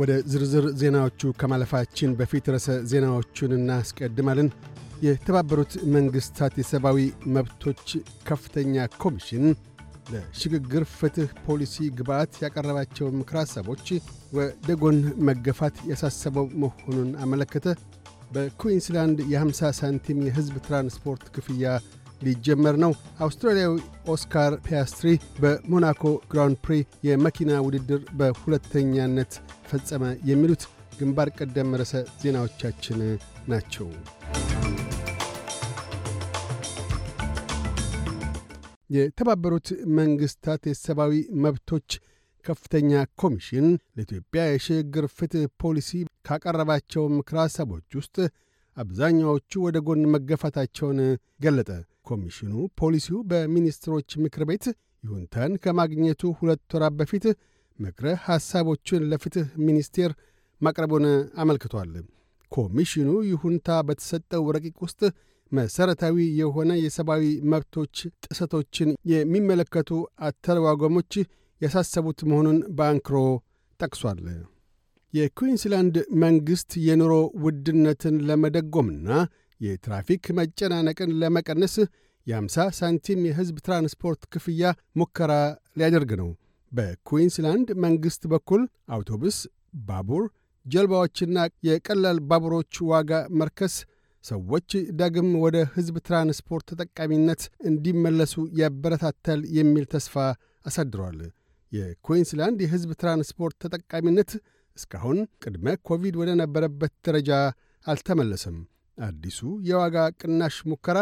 ወደ ዝርዝር ዜናዎቹ ከማለፋችን በፊት ረዕሰ ዜናዎቹን እናስቀድማለን። የተባበሩት መንግሥታት የሰብአዊ መብቶች ከፍተኛ ኮሚሽን ለሽግግር ፍትሕ ፖሊሲ ግብዓት ያቀረባቸው ምክር ሐሳቦች ወደ ጎን መገፋት ያሳሰበው መሆኑን አመለከተ። በኩዊንስላንድ የ50 ሳንቲም የሕዝብ ትራንስፖርት ክፍያ ሊጀመር ነው። አውስትራሊያዊ ኦስካር ፒያስትሪ በሞናኮ ግራንድ ፕሪ የመኪና ውድድር በሁለተኛነት ፈጸመ። የሚሉት ግንባር ቀደም ርዕሰ ዜናዎቻችን ናቸው። የተባበሩት መንግሥታት የሰብአዊ መብቶች ከፍተኛ ኮሚሽን ለኢትዮጵያ የሽግግር ፍትሕ ፖሊሲ ካቀረባቸው ምክረ ሐሳቦች ውስጥ አብዛኛዎቹ ወደ ጎን መገፋታቸውን ገለጠ። ኮሚሽኑ ፖሊሲው በሚኒስትሮች ምክር ቤት ይሁንታን ከማግኘቱ ሁለት ወራት በፊት ምክረ ሐሳቦቹን ለፍትሕ ሚኒስቴር ማቅረቡን አመልክቷል። ኮሚሽኑ ይሁንታ በተሰጠው ረቂቅ ውስጥ መሠረታዊ የሆነ የሰብአዊ መብቶች ጥሰቶችን የሚመለከቱ አተረጓጎሞች ያሳሰቡት መሆኑን በአንክሮ ጠቅሷል። የኩዊንስላንድ መንግሥት የኑሮ ውድነትን ለመደጎምና የትራፊክ መጨናነቅን ለመቀነስ የ50 ሳንቲም የሕዝብ ትራንስፖርት ክፍያ ሙከራ ሊያደርግ ነው። በኩዊንስላንድ መንግሥት በኩል አውቶቡስ፣ ባቡር፣ ጀልባዎችና የቀላል ባቡሮች ዋጋ መርከስ ሰዎች ዳግም ወደ ሕዝብ ትራንስፖርት ተጠቃሚነት እንዲመለሱ ያበረታታል የሚል ተስፋ አሳድሯል። የኩዊንስላንድ የሕዝብ ትራንስፖርት ተጠቃሚነት እስካሁን ቅድመ ኮቪድ ወደ ነበረበት ደረጃ አልተመለሰም። አዲሱ የዋጋ ቅናሽ ሙከራ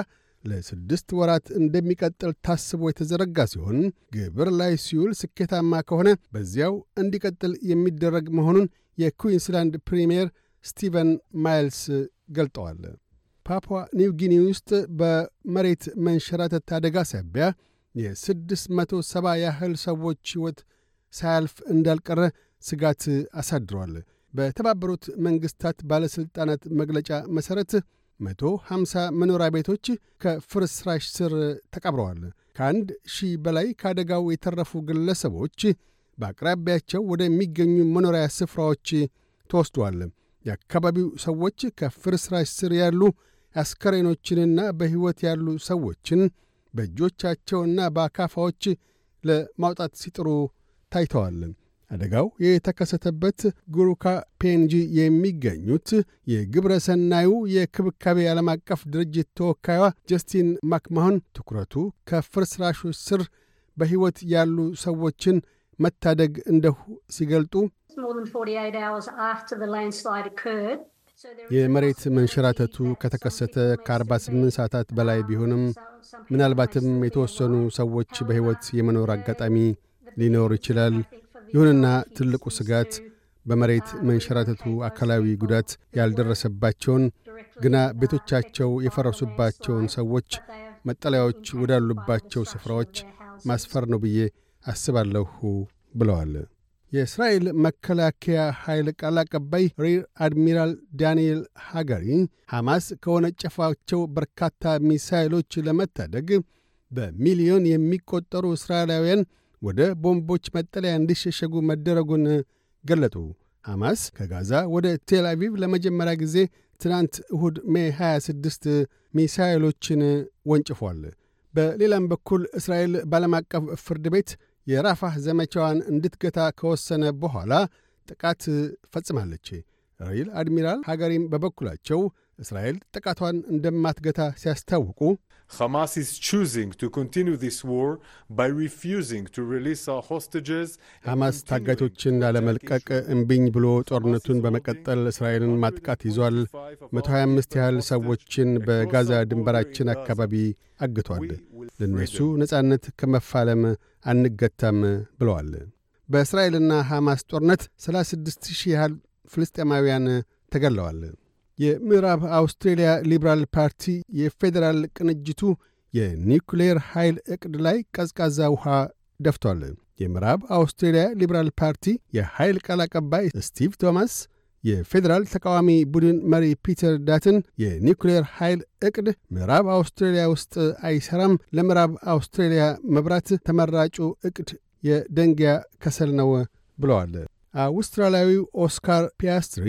ለስድስት ወራት እንደሚቀጥል ታስቦ የተዘረጋ ሲሆን ግብር ላይ ሲውል ስኬታማ ከሆነ በዚያው እንዲቀጥል የሚደረግ መሆኑን የኩዊንስላንድ ፕሪምየር ስቲቨን ማይልስ ገልጠዋል። ፓፑዋ ኒው ጊኒ ውስጥ በመሬት መንሸራተት አደጋ ሳቢያ የ670 ያህል ሰዎች ሕይወት ሳያልፍ እንዳልቀረ ስጋት አሳድሯል። በተባበሩት መንግሥታት ባለሥልጣናት መግለጫ መሠረት 150 መኖሪያ ቤቶች ከፍርስራሽ ስር ተቀብረዋል። ከአንድ ሺህ በላይ ከአደጋው የተረፉ ግለሰቦች በአቅራቢያቸው ወደሚገኙ መኖሪያ ስፍራዎች ተወስዷል። የአካባቢው ሰዎች ከፍርስራሽ ስር ያሉ አስከሬኖችንና በሕይወት ያሉ ሰዎችን በእጆቻቸውና በአካፋዎች ለማውጣት ሲጥሩ ታይተዋል። አደጋው የተከሰተበት ጉሩካ ፔንጂ የሚገኙት የግብረ ሰናዩ የክብካቤ ዓለም አቀፍ ድርጅት ተወካዩ ጀስቲን ማክማሆን ትኩረቱ ከፍርስራሹ ስር በሕይወት ያሉ ሰዎችን መታደግ እንደሁ ሲገልጡ የመሬት መንሸራተቱ ከተከሰተ ከ48 ሰዓታት በላይ ቢሆንም ምናልባትም የተወሰኑ ሰዎች በሕይወት የመኖር አጋጣሚ ሊኖር ይችላል። ይሁንና ትልቁ ስጋት በመሬት መንሸራተቱ አካላዊ ጉዳት ያልደረሰባቸውን ግና ቤቶቻቸው የፈረሱባቸውን ሰዎች መጠለያዎች ወዳሉባቸው ስፍራዎች ማስፈር ነው ብዬ አስባለሁ ብለዋል። የእስራኤል መከላከያ ኃይል ቃል አቀባይ ሪር አድሚራል ዳንኤል ሃገሪ ሐማስ ከወነጨፋቸው በርካታ ሚሳይሎች ለመታደግ በሚሊዮን የሚቆጠሩ እስራኤላውያን ወደ ቦምቦች መጠለያ እንዲሸሸጉ መደረጉን ገለጡ። ሐማስ ከጋዛ ወደ ቴል አቪቭ ለመጀመሪያ ጊዜ ትናንት እሁድ ሜ 26 ሚሳይሎችን ወንጭፏል። በሌላም በኩል እስራኤል ባለም አቀፍ ፍርድ ቤት የራፋህ ዘመቻዋን እንድትገታ ከወሰነ በኋላ ጥቃት ፈጽማለች። ራይል አድሚራል ሀገሪም በበኩላቸው እስራኤል ጥቃቷን እንደማትገታ ሲያስታውቁ Hamas is choosing to continue this war by refusing to release our hostages. ሐማስ ታጋቾችን ላለመልቀቅ እምቢኝ ብሎ ጦርነቱን በመቀጠል እስራኤልን ማጥቃት ይዟል። 125 ያህል ሰዎችን በጋዛ ድንበራችን አካባቢ አግቷል። ለእነሱ ነጻነት ከመፋለም አንገታም ብለዋል። በእስራኤልና ሐማስ ጦርነት 36 ሺህ ያህል ፍልስጤማውያን ተገለዋል። የምዕራብ አውስትሬልያ ሊብራል ፓርቲ የፌዴራል ቅንጅቱ የኒውክሌር ኃይል ዕቅድ ላይ ቀዝቃዛ ውሃ ደፍቷል። የምዕራብ አውስትሬልያ ሊብራል ፓርቲ የኃይል ቃል አቀባይ ስቲቭ ቶማስ የፌዴራል ተቃዋሚ ቡድን መሪ ፒተር ዳትን የኒውክሌር ኃይል ዕቅድ ምዕራብ አውስትሬልያ ውስጥ አይሰራም፣ ለምዕራብ አውስትሬልያ መብራት ተመራጩ ዕቅድ የደንጊያ ከሰል ነው ብለዋል። አውስትራሊያዊው ኦስካር ፒያስትሪ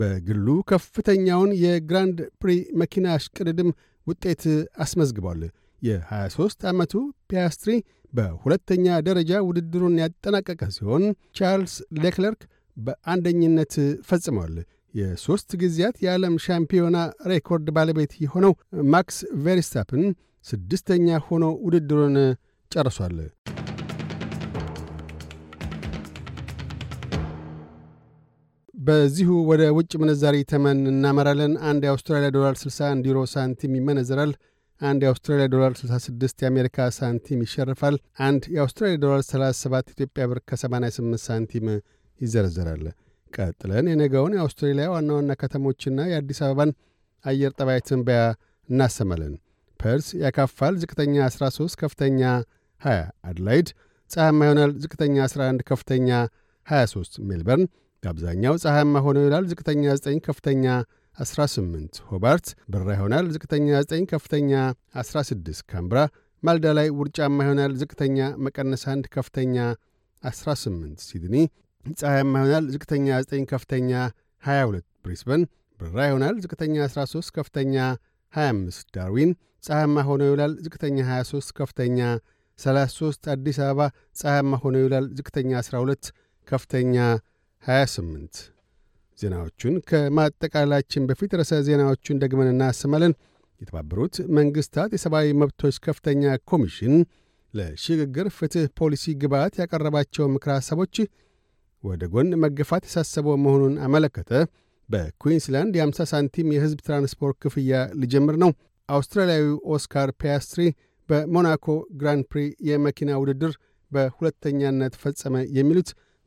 በግሉ ከፍተኛውን የግራንድ ፕሪ መኪና ሽቅድድም ውጤት አስመዝግቧል። የ23 ዓመቱ ፒያስትሪ በሁለተኛ ደረጃ ውድድሩን ያጠናቀቀ ሲሆን ቻርልስ ሌክለርክ በአንደኝነት ፈጽሟል። የሦስት ጊዜያት የዓለም ሻምፒዮና ሬኮርድ ባለቤት የሆነው ማክስ ቬሪስታፕን ስድስተኛ ሆኖ ውድድሩን ጨርሷል። በዚሁ ወደ ውጭ ምንዛሪ ተመን እናመራለን። አንድ የአውስትራሊያ ዶላር 60 ዩሮ ሳንቲም ይመነዘራል። አንድ የአውስትራሊያ ዶላር 66 የአሜሪካ ሳንቲም ይሸርፋል። አንድ የአውስትራሊያ ዶላር 37 ኢትዮጵያ ብር ከ88 ሳንቲም ይዘረዘራል። ቀጥለን የነገውን የአውስትሬሊያ ዋና ዋና ከተሞችና የአዲስ አበባን አየር ጠባይ ትንበያ እናሰማለን። ፐርስ ያካፋል፣ ዝቅተኛ 13፣ ከፍተኛ 20። አድላይድ ፀሐማ ይሆናል፣ ዝቅተኛ 11፣ ከፍተኛ 23። ሜልበርን አብዛኛው ፀሐያማ ሆኖ ይውላል። ዝቅተኛ 9 ከፍተኛ 18። ሆባርት ብራ ይሆናል። ዝቅተኛ 9 ከፍተኛ 16። ካምብራ ማልዳ ላይ ውርጫማ ይሆናል። ዝቅተኛ መቀነስ 1 ከፍተኛ 18። ሲድኒ ፀሐያማ ይሆናል። ዝቅተኛ 9 ከፍተኛ 22። ብሪስበን ብራ ይሆናል። ዝቅተኛ 13 ከፍተኛ 25። ዳርዊን ፀሐያማ ሆኖ ይውላል። ዝቅተኛ 23 ከፍተኛ 33። አዲስ አበባ ፀሐያማ ሆኖ ይውላል። ዝቅተኛ 12 ከፍተኛ 28 ዜናዎቹን ከማጠቃላችን በፊት ርዕሰ ዜናዎቹን ደግመን እናሰማለን። የተባበሩት መንግሥታት የሰብአዊ መብቶች ከፍተኛ ኮሚሽን ለሽግግር ፍትሕ ፖሊሲ ግብዓት ያቀረባቸው ምክረ ሐሳቦች ወደ ጎን መገፋት የሳሰበው መሆኑን አመለከተ። በኩዊንስላንድ የ50 ሳንቲም የሕዝብ ትራንስፖርት ክፍያ ሊጀምር ነው። አውስትራሊያዊው ኦስካር ፒያስትሪ በሞናኮ ግራንድ ፕሪ የመኪና ውድድር በሁለተኛነት ፈጸመ። የሚሉት